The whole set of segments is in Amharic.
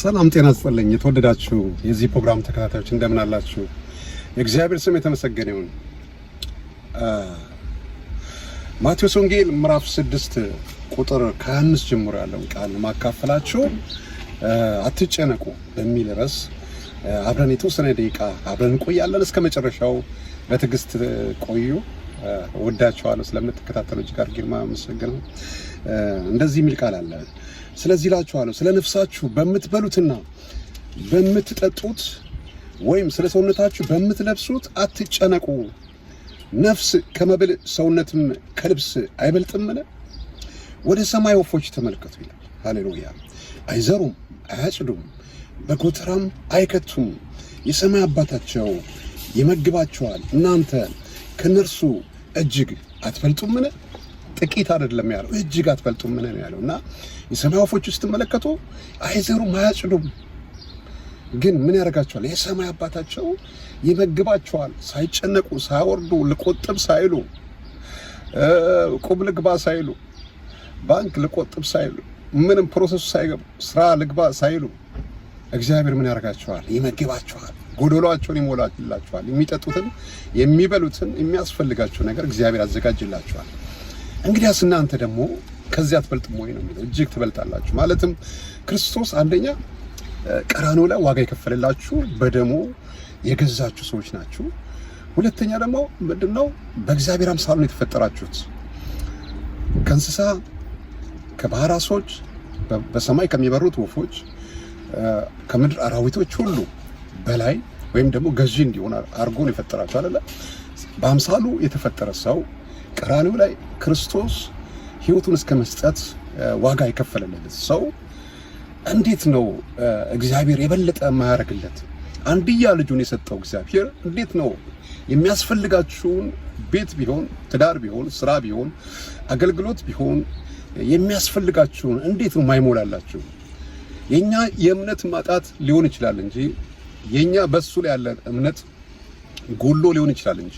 ሰላም ጤና ይስጥልኝ። የተወደዳችሁ የዚህ ፕሮግራም ተከታታዮች እንደምን አላችሁ? የእግዚአብሔር ስም የተመሰገነ ይሁን። ማቴዎስ ወንጌል ምዕራፍ ስድስት ቁጥር ከአምስት ጀምሮ ያለውን ቃል ማካፈላችሁ አትጨነቁ በሚል ርዕስ አብረን የተወሰነ ደቂቃ አብረን እንቆያለን። እስከ መጨረሻው በትዕግስት ቆዩ። ወዳችኋለሁ። ስለምትከታተሉ እጅግ አድርጌ የማመሰግነው። እንደዚህ የሚል ቃል አለ። ስለዚህ እላችኋለሁ ስለ ነፍሳችሁ በምትበሉትና በምትጠጡት ወይም ስለ ሰውነታችሁ በምትለብሱት አትጨነቁ። ነፍስ ከመብል ሰውነትም ከልብስ አይበልጥምን? ወደ ሰማይ ወፎች ተመልከቱ ይላል። ሃሌሉያ! አይዘሩም፣ አያጭዱም፣ በጎተራም አይከቱም፣ የሰማይ አባታቸው ይመግባቸዋል። እናንተ ከነርሱ እጅግ አትበልጡምን? ጥቂት አይደለም ያለው፣ እጅግ አትበልጡምን ነው ያለው። እና የሰማይ ወፎች ውስጥ ስትመለከቱ አይዘሩም፣ አያጭዱም፣ ግን ምን ያደርጋቸዋል? የሰማይ አባታቸው ይመግባቸዋል። ሳይጨነቁ፣ ሳይወርዱ ልቆጥብ ሳይሉ፣ ቁብ ልግባ ሳይሉ፣ ባንክ ልቆጥብ ሳይሉ፣ ምንም ፕሮሰሱ ሳይገቡ፣ ስራ ልግባ ሳይሉ እግዚአብሔር ምን ያደርጋቸዋል? ይመግባቸዋል። ጎዶሏቸውን ይሞላላቸዋል። የሚጠጡትን፣ የሚበሉትን፣ የሚያስፈልጋቸው ነገር እግዚአብሔር አዘጋጅላቸዋል እንግዲያስ እናንተ ደግሞ ከዚያ አትበልጥም ወይ ነው የሚለው። እጅግ ትበልጣላችሁ። ማለትም ክርስቶስ አንደኛ ቀራንዮ ላይ ዋጋ የከፈለላችሁ በደሙ የገዛችሁ ሰዎች ናችሁ። ሁለተኛ ደግሞ ነው በእግዚአብሔር አምሳል ነው የተፈጠራችሁት ከእንስሳ ከባህር በሰማይ ከሚበሩት ወፎች፣ ከምድር አራዊቶች ሁሉ በላይ ወይም ደግሞ ገዢ እንዲሆን አድርጎ ነው የፈጠራቸው አለ። በአምሳሉ የተፈጠረ ሰው ቀራኒው ላይ ክርስቶስ ህይወቱን እስከ መስጠት ዋጋ የከፈለለት ሰው እንዴት ነው እግዚአብሔር የበለጠ የማያደርግለት? አንድያ ልጁን የሰጠው እግዚአብሔር እንዴት ነው የሚያስፈልጋችሁን ቤት ቢሆን ትዳር ቢሆን ስራ ቢሆን አገልግሎት ቢሆን የሚያስፈልጋችሁን እንዴት ነው ማይሞላላችሁ? የእኛ የእምነት ማጣት ሊሆን ይችላል እንጂ የኛ በሱ ላይ ያለን እምነት ጎሎ ሊሆን ይችላል እንጂ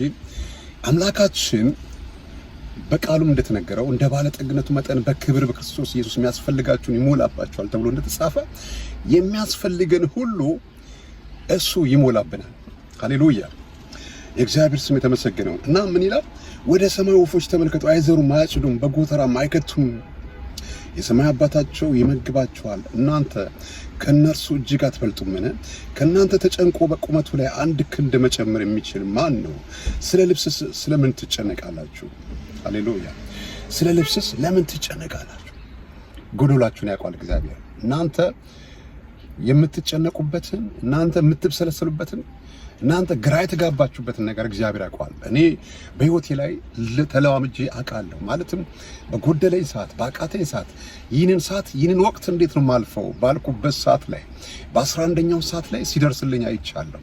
አምላካችን በቃሉም እንደተነገረው እንደ ባለጠግነቱ መጠን በክብር በክርስቶስ ኢየሱስ የሚያስፈልጋችሁን ይሞላባችኋል ተብሎ እንደተጻፈ የሚያስፈልገን ሁሉ እሱ ይሞላብናል። ሃሌሉያ! የእግዚአብሔር ስም የተመሰገነውን እና ምን ይላል? ወደ ሰማይ ወፎች ተመልከቱ፣ አይዘሩም፣ አያጭዱም፣ በጎተራም አይከቱም የሰማይ አባታቸው ይመግባቸዋል። እናንተ ከእነርሱ እጅግ አትበልጡምን? ከእናንተ ተጨንቆ በቁመቱ ላይ አንድ ክንድ መጨመር የሚችል ማን ነው? ስለ ልብስስ ስለምን ትጨነቃላችሁ? አሌሉያ። ስለ ልብስስ ለምን ትጨነቃላችሁ? ጎዶላችሁን ያውቋል እግዚአብሔር። እናንተ የምትጨነቁበትን እናንተ የምትብሰለሰሉበትን እናንተ ግራ የተጋባችሁበትን ነገር እግዚአብሔር ያውቀዋል። እኔ በህይወቴ ላይ ተለዋምጄ አውቃለሁ። ማለትም በጎደለኝ ሰዓት፣ በአቃተኝ ሰዓት፣ ይህንን ሰዓት ይህንን ወቅት እንዴት ነው ማልፈው ባልኩበት ሰዓት ላይ በአስራ አንደኛው ሰዓት ላይ ሲደርስልኝ አይቻለሁ።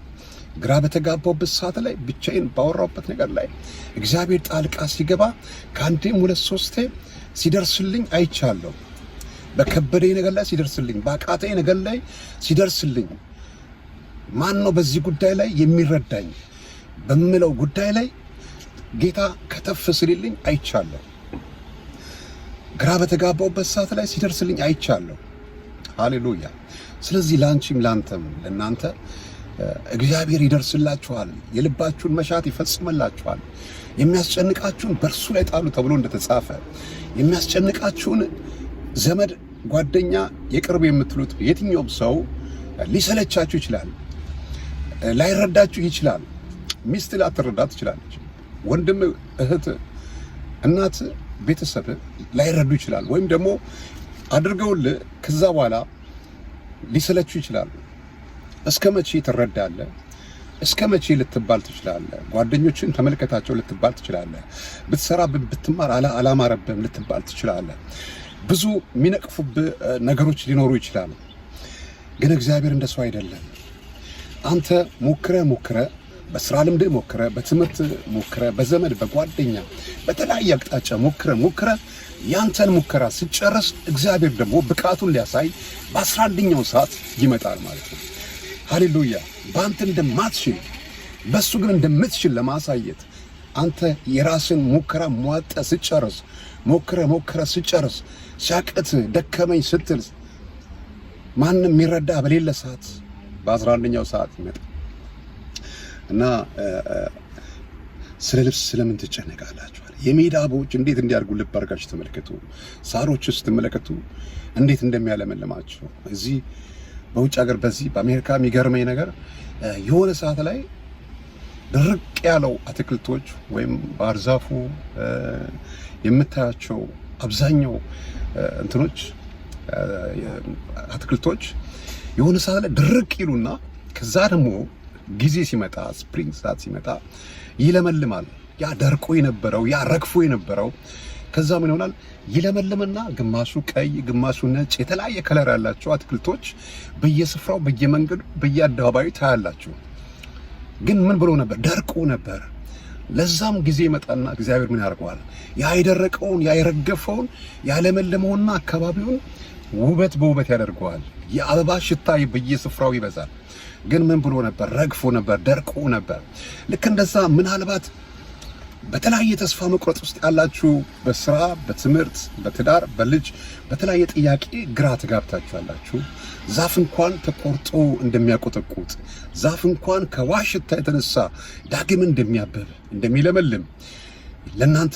ግራ በተጋባውበት ሰዓት ላይ ብቻዬን ባወራውበት ነገር ላይ እግዚአብሔር ጣልቃ ሲገባ ከአንዴም ሁለት ሶስቴ ሲደርስልኝ አይቻለሁ። በከበደኝ ነገር ላይ ሲደርስልኝ፣ በአቃተኝ ነገር ላይ ሲደርስልኝ ማን ነው በዚህ ጉዳይ ላይ የሚረዳኝ በምለው ጉዳይ ላይ ጌታ ከተፍ ስልልኝ አይቻለሁ። ግራ በተጋባውበት ሰዓት ላይ ሲደርስልኝ አይቻለሁ። ሃሌሉያ። ስለዚህ ላንቺም ላንተም ለናንተ እግዚአብሔር ይደርስላችኋል፣ የልባችሁን መሻት ይፈጽምላችኋል። የሚያስጨንቃችሁን በእርሱ ላይ ጣሉ ተብሎ እንደተጻፈ የሚያስጨንቃችሁን ዘመድ፣ ጓደኛ፣ የቅርብ የምትሉት የትኛውም ሰው ሊሰለቻችሁ ይችላል። ላይረዳችሁ ይችላል። ሚስት ላትረዳ ትችላለች። ወንድም፣ እህት፣ እናት፣ ቤተሰብ ላይረዱ ይችላል። ወይም ደግሞ አድርገውል ከዛ በኋላ ሊሰለቹ ይችላሉ። እስከ መቼ ትረዳለህ? እስከ መቼ ልትባል ትችላለ ጓደኞችን ተመልከታቸው ልትባል ትችላለ ብትሰራብህ ብትማር አላማረብም ልትባል ትችላለህ። ብዙ የሚነቅፉብ ነገሮች ሊኖሩ ይችላሉ። ግን እግዚአብሔር ሰው አይደለም። አንተ ሞክረ ሞክረ በስራ ልምድ ሞክረ በትምህርት ሞክረ በዘመድ በጓደኛ በተለያየ አቅጣጫ ሞክረ ሞክረ ያንተን ሙከራ ሲጨርስ እግዚአብሔር ደግሞ ብቃቱን ሊያሳይ በአስራ አንደኛው ሰዓት ይመጣል ማለት ነው። ሃሌሉያ! በአንተ እንደማትችል በእሱ ግን እንደምትችል ለማሳየት አንተ የራስን ሙከራ ሟጠ ስጨርስ ሞክረ ሞክረ ስጨርስ ሲያቅት ደከመኝ ስትል ማንም የሚረዳ በሌለ ሰዓት በ11ኛው ሰዓት ይመጣል እና ስለ ልብስ ስለምን ትጨነቃላችኋል? የሜዳ አበቦች እንዴት እንዲያድጉ ልብ አድርጋችሁ ተመልከቱ። ሳሮች ስትመለከቱ እንዴት እንደሚያለመልማቸው እዚህ በውጭ ሀገር በዚህ በአሜሪካ የሚገርመኝ ነገር የሆነ ሰዓት ላይ ድርቅ ያለው አትክልቶች ወይም በአርዛፉ የምታያቸው አብዛኛው እንትኖች አትክልቶች የሆነ ሰዓት ላይ ድርቅ ይሉና ከዛ ደግሞ ጊዜ ሲመጣ ስፕሪንግ ሰዓት ሲመጣ ይለመልማል። ያ ደርቆ የነበረው ያ ረግፎ የነበረው ከዛ ምን ይሆናል ይለመልምና ግማሹ ቀይ ግማሹ ነጭ የተለያየ ከለር ያላቸው አትክልቶች በየስፍራው በየመንገዱ በየአደባባዩ ታያላችሁ። ግን ምን ብሎ ነበር? ደርቆ ነበር። ለዛም ጊዜ ይመጣና እግዚአብሔር ምን ያደርገዋል? ያ የደረቀውን ያ የረገፈውን ያለመለመውና አካባቢውን ውበት በውበት ያደርገዋል። የአበባ ሽታ በየስፍራው ይበዛል። ግን ምን ብሎ ነበር? ረግፎ ነበር፣ ደርቆ ነበር። ልክ እንደዛ ምናልባት በተለያየ ተስፋ መቁረጥ ውስጥ ያላችሁ በስራ፣ በትምህርት፣ በትዳር፣ በልጅ በተለያየ ጥያቄ ግራ ተጋብታችሁ ያላችሁ ዛፍ እንኳን ተቆርጦ እንደሚያቆጠቁጥ ዛፍ እንኳን ከዋሽታ የተነሳ ዳግም እንደሚያበብ እንደሚለመልም ለእናንተ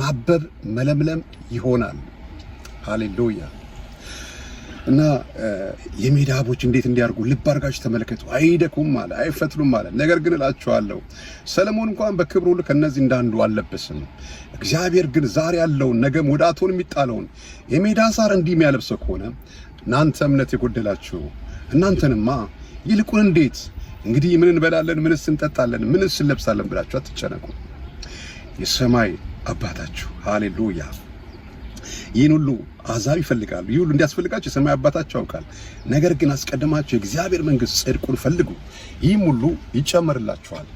ማበብ መለምለም ይሆናል። ሃሌሉያ እና የሜዳ አቦች እንዴት እንዲያርጉ ልብ አድርጋችሁ ተመልከቱ። አይደኩም አለ፣ አይፈትሉም አለ። ነገር ግን እላችኋለሁ ሰለሞን እንኳን በክብሩ ሁሉ ከእነዚህ እንዳንዱ አልለበስም። እግዚአብሔር ግን ዛሬ ያለውን ነገም ወደ እቶን የሚጣለውን የሜዳ ሳር እንዲህ የሚያለብሰው ከሆነ እናንተ እምነት የጎደላችሁ እናንተንማ ይልቁን እንዴት እንግዲህ ምን እንበላለን፣ ምንስ እንጠጣለን፣ ምንስ እንለብሳለን ብላችሁ አትጨነቁ። የሰማይ አባታችሁ ሃሌሉያ ይህን ሁሉ አሕዛብ ይፈልጋሉ። ይህ ሁሉ እንዲያስፈልጋቸው የሰማይ አባታቸው ያውቃል። ነገር ግን አስቀድማቸው የእግዚአብሔር መንግስት ጽድቁን ፈልጉ፣ ይህም ሁሉ ይጨመርላችኋል።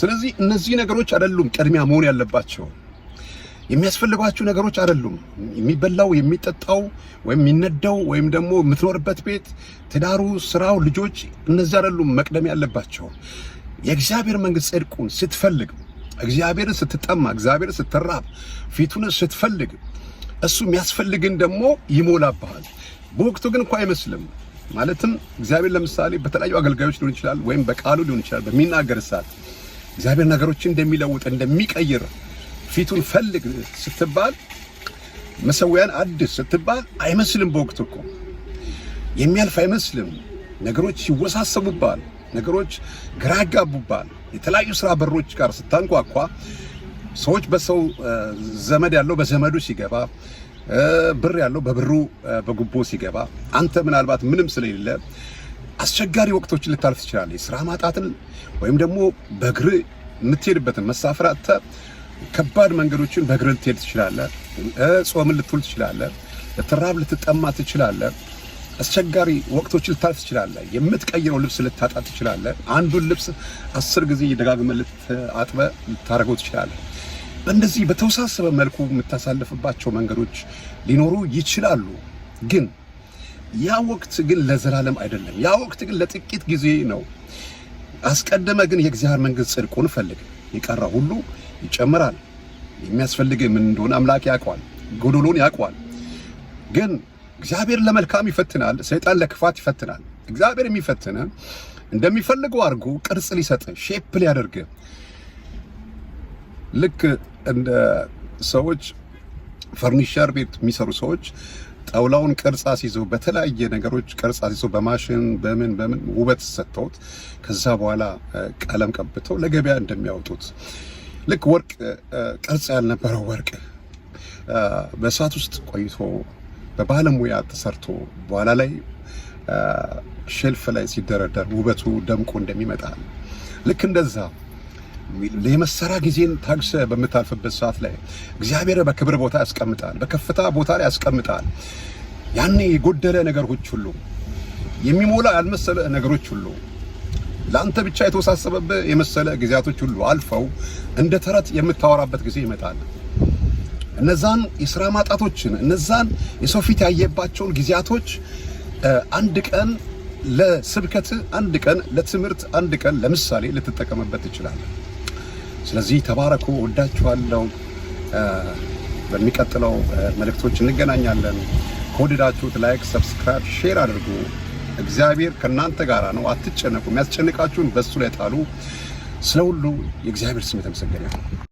ስለዚህ እነዚህ ነገሮች አይደሉም ቅድሚያ መሆን ያለባቸው የሚያስፈልጓችሁ ነገሮች አይደሉም። የሚበላው የሚጠጣው፣ ወይም የሚነደው ወይም ደግሞ የምትኖርበት ቤት፣ ትዳሩ፣ ስራው፣ ልጆች እነዚህ አይደሉም መቅደም ያለባቸው። የእግዚአብሔር መንግስት ጽድቁን ስትፈልግ፣ እግዚአብሔርን ስትጠማ፣ እግዚአብሔርን ስትራብ፣ ፊቱን ስትፈልግ እሱ የሚያስፈልግን ደግሞ ይሞላብሃል። በወቅቱ ግን እኮ አይመስልም። ማለትም እግዚአብሔር ለምሳሌ በተለያዩ አገልጋዮች ሊሆን ይችላል፣ ወይም በቃሉ ሊሆን ይችላል። በሚናገር ሰዓት እግዚአብሔር ነገሮችን እንደሚለውጥ እንደሚቀይር ፊቱን ፈልግ ስትባል መሰዊያን አድስ ስትባል አይመስልም። በወቅቱ እኮ የሚያልፍ አይመስልም። ነገሮች ይወሳሰቡባል። ነገሮች ግራ ያጋቡባል። የተለያዩ ስራ በሮች ጋር ስታንኳኳ ሰዎች በሰው ዘመድ ያለው በዘመዱ ሲገባ ብር ያለው በብሩ በጉቦ ሲገባ አንተ ምናልባት ምንም ስለሌለ አስቸጋሪ ወቅቶችን ልታልፍ ትችላለህ። የስራ ማጣትን ወይም ደግሞ በእግር የምትሄድበትን መሳፈር ከባድ መንገዶችን በእግር ልትሄድ ትችላለህ። ጾምን ልትውል ትችላለህ። ልትራብ ልትጠማ ትችላለህ። አስቸጋሪ ወቅቶችን ልታልፍ ትችላለህ። የምትቀይረው ልብስ ልታጣ ትችላለህ። አንዱን ልብስ አስር ጊዜ ደጋግመህ ልታጥበህ ልታደርገው ትችላለህ። በእንደዚህ በተወሳሰበ መልኩ የምታሳልፍባቸው መንገዶች ሊኖሩ ይችላሉ። ግን ያ ወቅት ግን ለዘላለም አይደለም። ያ ወቅት ግን ለጥቂት ጊዜ ነው። አስቀድመ ግን የእግዚአብሔር መንግስት ጽድቁን ፈልግ፣ የቀረ ሁሉ ይጨምራል። የሚያስፈልግ ምን እንደሆነ አምላክ ያውቀዋል፣ ጎዶሎን ያውቀዋል። ግን እግዚአብሔር ለመልካም ይፈትናል፣ ሰይጣን ለክፋት ይፈትናል። እግዚአብሔር የሚፈትን እንደሚፈልገው አድርጎ ቅርጽ ሊሰጥ ሼፕ ሊያደርገ ልክ እንደ ሰዎች ፈርኒቸር ቤት የሚሰሩ ሰዎች ጣውላውን ቅርጻ ሲይዘው በተለያየ ነገሮች ቅርጻ አስይዘው በማሽን በምን በምን ውበት ሰጥተውት ከዛ በኋላ ቀለም ቀብተው ለገበያ እንደሚያወጡት ልክ ወርቅ ቅርጽ ያልነበረው ወርቅ በእሳት ውስጥ ቆይቶ በባለሙያ ተሰርቶ በኋላ ላይ ሸልፍ ላይ ሲደረደር ውበቱ ደምቆ እንደሚመጣ ልክ እንደዛ የመሰራ ጊዜን ታግሰ በምታልፍበት ሰዓት ላይ እግዚአብሔር በክብር ቦታ ያስቀምጣል፣ በከፍታ ቦታ ላይ ያስቀምጣል። ያኔ የጎደለ ነገሮች ሁሉ የሚሞላ ያልመሰለ ነገሮች ሁሉ ለአንተ ብቻ የተወሳሰበብህ የመሰለ ጊዜያቶች ሁሉ አልፈው እንደ ተረት የምታወራበት ጊዜ ይመጣል። እነዛን የስራ ማጣቶችን እነዛን የሰው ፊት ያየባቸውን ጊዜያቶች አንድ ቀን ለስብከት፣ አንድ ቀን ለትምህርት፣ አንድ ቀን ለምሳሌ ልትጠቀምበት ትችላለህ። ስለዚህ ተባረኩ፣ ወዳችኋለሁ። በሚቀጥለው መልእክቶች እንገናኛለን። ከወደዳችሁት ላይክ፣ ሰብስክራይብ፣ ሼር አድርጉ። እግዚአብሔር ከእናንተ ጋር ነው፣ አትጨነቁ። የሚያስጨንቃችሁን በእሱ ላይ ጣሉ። ስለ ሁሉ የእግዚአብሔር ስም የተመሰገነ